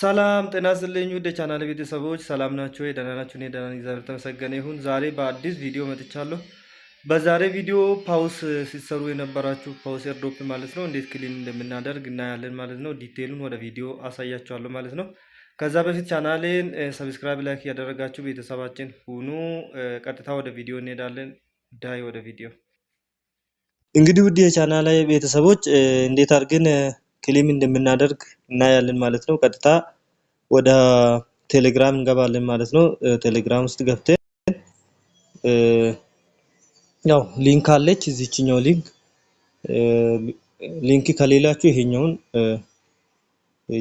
ሰላም ጤና ይስጥልኝ ውድ የቻናል ቤተሰቦች ሰላም ናቸው። ደህና ናችሁ? እኔ ደህና ነኝ፣ እግዚአብሔር ይሁን። ዛሬ በአዲስ ቪዲዮ መጥቻለሁ። በዛሬ ቪዲዮ ፓውስ ሲሰሩ የነበራችሁ ፓውስ ኤርዶፕ ማለት ነው እንዴት ክሊን እንደምናደርግ እናያለን ማለት ነው። ዲቴሉን ወደ ቪዲዮ አሳያችኋለሁ ማለት ነው። ከዛ በፊት ቻናሌን ሰብስክራይብ፣ ላይክ እያደረጋችሁ ቤተሰባችን ሁኑ። ቀጥታ ወደ ቪዲዮ እንሄዳለን። ዳይ ወደ ቪዲዮ እንግዲህ ውድ የቻናል ቤተሰቦች እንዴት አድርገን ክሊም እንደምናደርግ እናያለን ማለት ነው። ቀጥታ ወደ ቴሌግራም እንገባለን ማለት ነው። ቴሌግራም ውስጥ ገብተን ያው ሊንክ አለች እዚችኛው ሊንክ ሊንክ ከሌላችሁ ይሄኛውን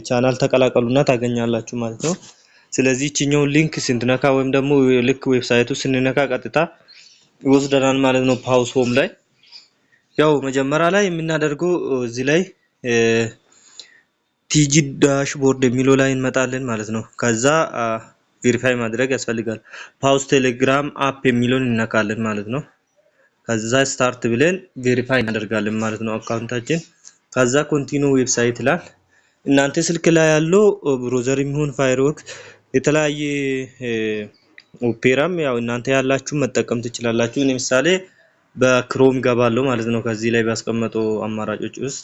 ቻናል ተቀላቀሉና ታገኛላችሁ ማለት ነው። ስለዚህ እችኛውን ሊንክ ስንትነካ ወይም ደግሞ ልክ ዌብሳይቱ ስንነካ ቀጥታ ይወስደናል ማለት ነው። ፓውስ ሆም ላይ ያው መጀመሪያ ላይ የምናደርገው እዚህ ላይ ቲጂ ዳሽቦርድ የሚለው ላይ እንመጣለን ማለት ነው። ከዛ ቬሪፋይ ማድረግ ያስፈልጋል። ፓውስ ቴሌግራም አፕ የሚለውን እንነካለን ማለት ነው። ከዛ ስታርት ብለን ቬሪፋይ እናደርጋለን ማለት ነው አካውንታችን። ከዛ ኮንቲኒ ዌብሳይት ይላል። እናንተ ስልክ ላይ ያለው ብሮዘር የሚሆን ፋይርወርክ የተለያየ ኦፔራም ያው እናንተ ያላችሁ መጠቀም ትችላላችሁ። ለምሳሌ በክሮም ገባለው ማለት ነው። ከዚህ ላይ ባስቀመጠው አማራጮች ውስጥ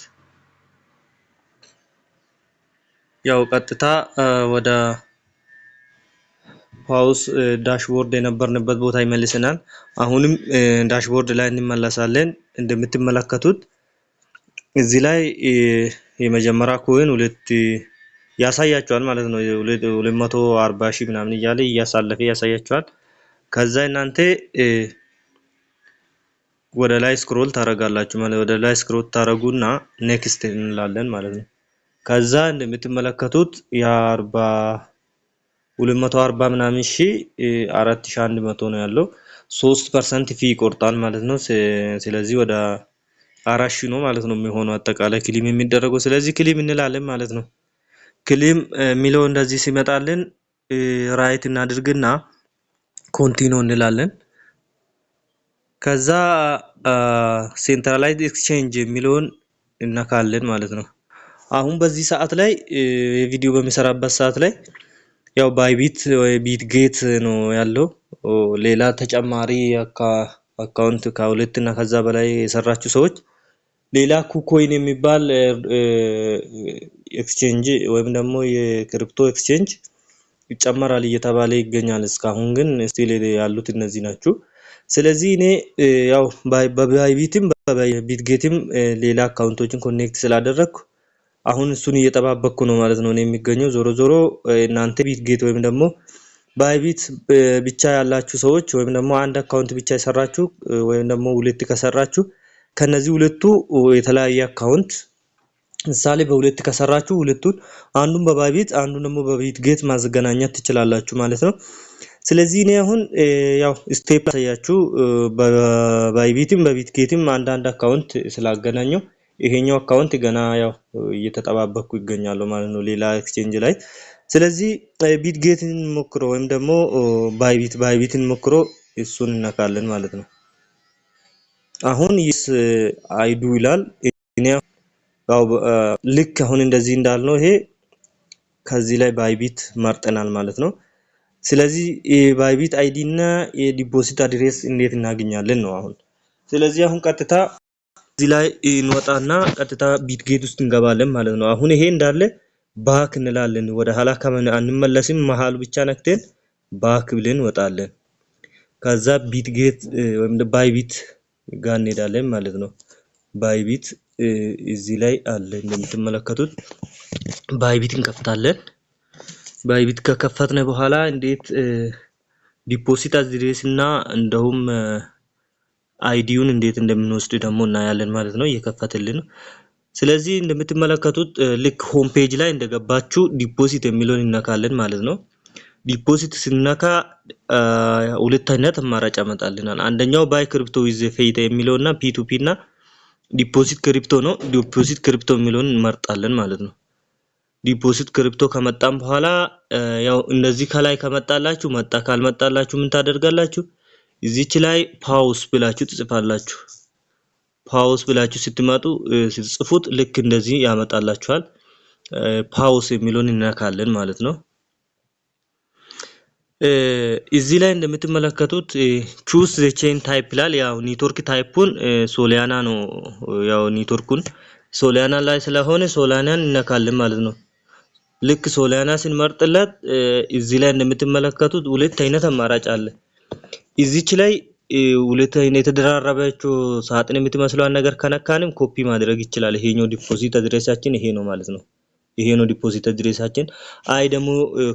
ያው ቀጥታ ወደ ፓውስ ዳሽቦርድ የነበርንበት ቦታ ይመልሰናል። አሁንም ዳሽቦርድ ላይ እንመለሳለን። እንደምትመለከቱት እዚህ ላይ የመጀመሪያ ኮይን ሁለት ያሳያቸዋል ማለት ነው። 240 ሺህ ምናምን እያለ እያሳለፈ ያሳያቸዋል። ከዛ እናንተ ወደ ላይ ስክሮል ታረጋላችሁ ማለት ወደ ላይ ስክሮል ታረጉና ኔክስት እንላለን ማለት ነው። ከዛ እንደምትመለከቱት የአርባ ሁለት መቶ አርባ ምናምን ሺ አራት ሺ አንድ መቶ ነው ያለው። ሶስት ፐርሰንት ፊ ይቆርጣል ማለት ነው። ስለዚህ ወደ አራት ሺ ነው ማለት ነው የሚሆነው አጠቃላይ ክሊም የሚደረገው። ስለዚህ ክሊም እንላለን ማለት ነው። ክሊም የሚለው እንደዚህ ሲመጣልን ራይት እናድርግና ኮንቲኖ እንላለን። ከዛ ሴንትራላይዝ ኤክስቼንጅ የሚለውን እናካለን ማለት ነው። አሁን በዚህ ሰዓት ላይ ቪዲዮ በሚሰራበት ሰዓት ላይ ያው ባይቢት ወይ ቢት ጌት ነው ያለው። ሌላ ተጨማሪ አካውንት ከሁለት እና ከዛ በላይ የሰራችሁ ሰዎች ሌላ ኩኮይን የሚባል ኤክስቼንጅ ወይም ደግሞ የክሪፕቶ ኤክስቼንጅ ይጨመራል እየተባለ ይገኛል። እስካሁን ግን ስቲል ያሉት እነዚህ ናቸው። ስለዚህ እኔ ያው በባይቢትም በቢትጌትም ሌላ አካውንቶችን ኮኔክት ስላደረግኩ አሁን እሱን እየጠባበቅኩ ነው ማለት ነው የሚገኘው። ዞሮ ዞሮ እናንተ ቢት ጌት ወይም ደግሞ ባይቢት ብቻ ያላችሁ ሰዎች ወይም ደግሞ አንድ አካውንት ብቻ የሰራችሁ ወይም ደግሞ ሁለት ከሰራችሁ ከነዚህ ሁለቱ የተለያየ አካውንት ምሳሌ በሁለት ከሰራችሁ ሁለቱን አንዱን በባይቢት አንዱን ደግሞ በቢት ጌት ማዘገናኘት ትችላላችሁ ማለት ነው። ስለዚህ እኔ አሁን ያው ስቴፕ ያሳያችሁ በባይቢትም በቢት ጌትም አንዳንድ አካውንት ስላገናኘው ይሄኛው አካውንት ገና ያው እየተጠባበቅኩ ይገኛሉ ማለት ነው ሌላ ኤክስቼንጅ ላይ። ስለዚህ ቢትጌትን ሞክሮ ወይም ደግሞ ባይቢት ባይቢትን ሞክሮ እሱን እነካለን ማለት ነው። አሁን ይስ አይዱ ይላል ያው ልክ አሁን እንደዚህ እንዳልነው ይሄ ከዚህ ላይ ባይቢት መርጠናል ማለት ነው። ስለዚህ የባይቢት አይዲ እና የዲፖዚት አድሬስ እንዴት እናገኛለን ነው አሁን። ስለዚህ አሁን ቀጥታ እዚህ ላይ እንወጣና ቀጥታ ቢትጌት ውስጥ እንገባለን ማለት ነው። አሁን ይሄ እንዳለ ባክ እንላለን። ወደ ኋላ አንመለስም። መሀሉ ብቻ ነክተን ባክ ብለን እንወጣለን። ከዛ ቢትጌት ወይም ባይቢት ጋር እንሄዳለን ማለት ነው። ባይቢት እዚህ ላይ አለ እንደምትመለከቱት ባይቢት እንከፍታለን። ባይቢት ከከፈትነ በኋላ እንዴት ዲፖዚት አድሬስ እና እንደውም አይዲውን እንዴት እንደምንወስድ ደግሞ እናያለን ማለት ነው። እየከፈትልን ስለዚህ እንደምትመለከቱት ልክ ሆም ፔጅ ላይ እንደገባችሁ ዲፖዚት የሚለውን ይነካለን ማለት ነው። ዲፖዚት ስነካ ሁለት አይነት አማራጭ ያመጣልናል። አንደኛው ባይ ክሪፕቶ ዊዝ ፌይተ የሚለው እና ፒቱፒ እና ዲፖዚት ክሪፕቶ ነው። ዲፖዚት ክሪፕቶ የሚለውን እንመርጣለን ማለት ነው። ዲፖዚት ክሪፕቶ ከመጣም በኋላ ያው እንደዚህ ከላይ ከመጣላችሁ መጣ፣ ካልመጣላችሁ ምን ታደርጋላችሁ? እዚች ላይ ፓውስ ብላችሁ ትጽፋላችሁ። ፓውስ ብላችሁ ስትመጡ ስትጽፉት ልክ እንደዚህ ያመጣላችኋል። ፓውስ የሚለውን እናካለን ማለት ነው። እዚህ ላይ እንደምትመለከቱት ቹስ ዘ ቼን ታይፕ ይላል። ያው ኔትወርክ ታይፑን ሶሊያና ነው። ያው ኔትወርኩን ሶሊያና ላይ ስለሆነ ሶሊያናን እናካለን ማለት ነው። ልክ ሶሊያና ስንመርጥለት እዚህ ላይ እንደምትመለከቱት ሁለት አይነት አማራጭ አለ። እዚች ላይ ሁለት የተደራረበችው ሳጥን የምትመስለዋን ነገር ከነካንም ኮፒ ማድረግ ይችላል። ይሄኛው ዲፖዚት አድሬሳችን ይሄ ነው ማለት ነው። ይሄ ነው ዲፖዚት አድሬሳችን። አይ ደግሞ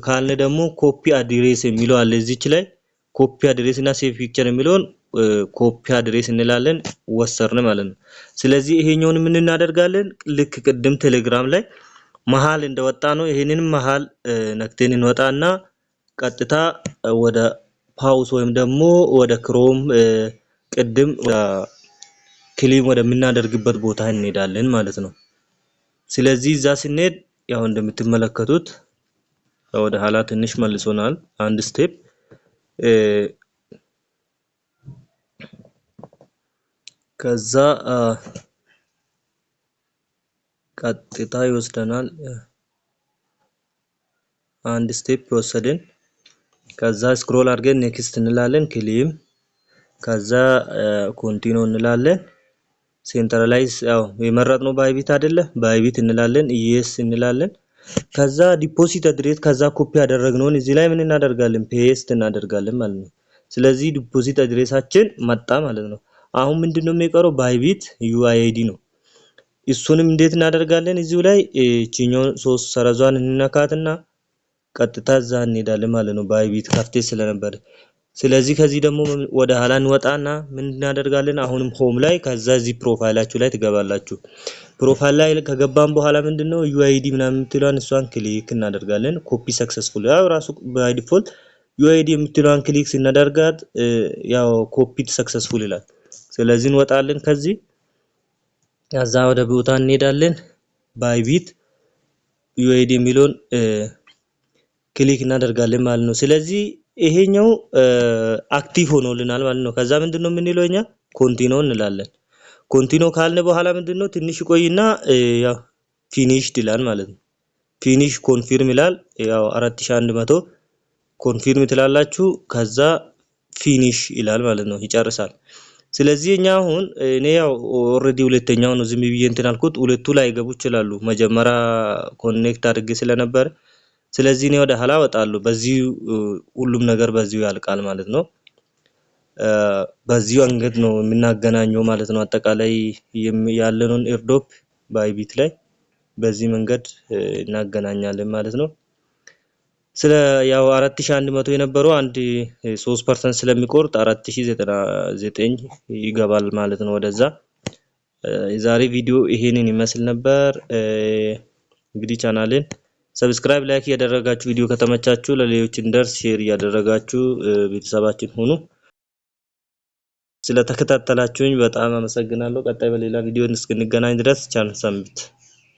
ካለ ደግሞ ኮፒ አድሬስ የሚለው አለ። እዚች ላይ ኮፒ አድሬስ እና ሴቭ ፒክቸር የሚለውን ኮፒ አድሬስ እንላለን ወሰርን ማለት ነው። ስለዚህ ይሄኛውን ምን እናደርጋለን? ልክ ቅድም ቴሌግራም ላይ መሀል እንደወጣ ነው። ይሄንን መሀል ነክቴን እንወጣና ቀጥታ ወደ ፓውስ ወይም ደግሞ ወደ ክሮም ቅድም ክሊም ወደምናደርግበት ቦታ እንሄዳለን ማለት ነው። ስለዚህ እዛ ስንሄድ ያው እንደምትመለከቱት ወደ ኋላ ትንሽ መልሶናል አንድ ስቴፕ። ከዛ ቀጥታ ይወስደናል አንድ ስቴፕ ይወሰድን ከዛ ስክሮል አድርገን ኔክስት እንላለን። ክሊም ከዛ ኮንቲኖ እንላለን። ሴንትራላይዝ ያው የመረጥነው ባይቢት አይደለ ባይቢት እንላለን። ኢኤስ እንላለን። ከዛ ዲፖዚት አድሬስ ከዛ ኮፒ ያደረግነውን እዚህ ላይ ምን እናደርጋለን? ፔስት እናደርጋለን ማለት ነው። ስለዚህ ዲፖዚት አድሬሳችን መጣ ማለት ነው። አሁን ምንድነው የሚቀረው? ባይቢት ዩአይዲ ነው። እሱንም እንዴት እናደርጋለን? እዚሁ ላይ እቺኛውን ሶስት ሰረዟን እንነካትና ቀጥታ እዛ እንሄዳለን ማለት ነው። ባይቢት ከፍቴ ስለነበር ስለዚህ ከዚህ ደግሞ ወደ ኋላ እንወጣና ምን እናደርጋለን? አሁንም ሆም ላይ ከዛ እዚህ ፕሮፋይላችሁ ላይ ትገባላችሁ። ፕሮፋይል ላይ ከገባን በኋላ ምንድነው ዩአይዲ ምናምን የምትለዋን እሷን ክሊክ እናደርጋለን። ኮፒ ሰክሰስፉል ያው ራሱ ባይ ዲፎልት ዩአይዲ የምትለዋን ክሊክ ስናደርጋት ያው ኮፒድ ሰክሰስፉል ይላል። ስለዚህ እንወጣለን ከዚህ ከዛ ወደ ቦታ እንሄዳለን። ባይቢት ዩአይዲ የሚለውን ክሊክ እናደርጋለን ማለት ነው። ስለዚህ ይሄኛው አክቲቭ ሆኖልናል ማለት ነው። ከዛ ምንድን ነው የምንለው እኛ ኮንቲኖ እንላለን። ኮንቲኖ ካልን በኋላ ምንድን ነው ትንሽ ቆይና ያው ፊኒሽድ ይላል ማለት ነው። ፊኒሽ ኮንፊርም ይላል ያው 4100 ኮንፊርም ትላላችሁ። ከዛ ፊኒሽ ይላል ማለት ነው ይጨርሳል። ስለዚህ እኛ አሁን እኔ ያው ኦልሬዲ ሁለተኛው ነው ዝም ብዬ እንትን አልኩት። ሁለቱ ላይ ገቡ ይችላሉ መጀመሪያ ኮኔክት አድርጌ ስለነበር ስለዚህ እኔ ወደ ኋላ እወጣለሁ። በዚህ ሁሉም ነገር በዚሁ ያልቃል ማለት ነው። በዚሁ አንገድ ነው የምናገናኘው ማለት ነው። አጠቃላይ ያለንን ኤርዶፕ ባይቢት ላይ በዚህ መንገድ እናገናኛለን ማለት ነው። ስለ ያው 4100 የነበረው አንድ 3% ስለሚቆርጥ 4099 ይገባል ማለት ነው ወደዛ። የዛሬ ቪዲዮ ይሄንን ይመስል ነበር። እንግዲህ ቻናልን ሰብስክራይብ ላይክ እያደረጋችሁ ቪዲዮ ከተመቻችሁ ለሌሎች እንደርስ ሼር እያደረጋችሁ ቤተሰባችን ሆኑ ስለተከታተላችሁኝ በጣም አመሰግናለሁ። ቀጣይ በሌላ ቪዲዮ እስክንገናኝ ድረስ ቻን ሰንብት።